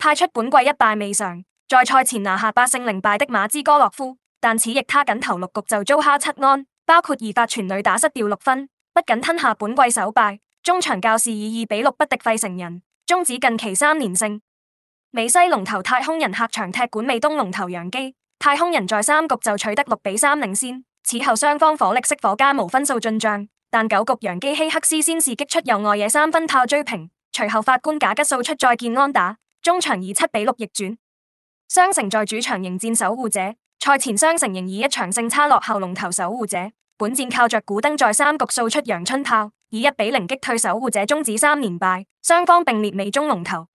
派出本季一敗未嘗，在賽前拿下八勝零敗的馬茲哥洛夫，但此役他僅投六局就遭哈七安，包括二發全壘打失掉六分，不僅吞下本季首敗，中場教士以二比六不敵費城人，終止近期三連勝。美西龍頭太空人客場踢館美東龍頭洋基，太空人在三局就取得六比三領先，此後雙方火力熄火，加無分數進賬，但九局洋基希克斯先是擊出右外野三分炮追平，隨後法官賈吉掃出再見安打。中場以七比六逆轉，雙城在主場迎戰守護者。賽前雙城仍以一場勝差落後龍頭守護者，本戰靠着古登在三局掃出陽春炮，以一比零擊退守護者，終止三連敗。雙方並列美中龍頭。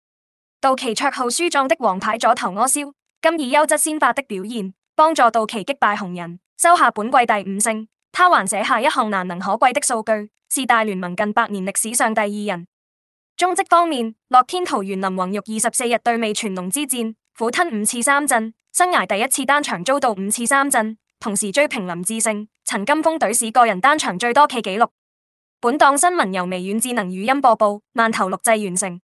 道奇綽號書狀的王牌左投柯蕭，今以優質先發的表現，幫助道奇擊敗紅人，收下本季第五勝。他還寫下一項難能可貴的數據，是大聯盟近百年歷史上第二人。中職方面，樂天桃猿林泓育二十四日對味全龍之戰，苦吞五次三振，生涯第一次單場遭到五次三振，同時追平林智勝、陳金鋒隊史個人單場最多企紀錄。本檔新聞由微軟智能語音播報，慢投錄製完成。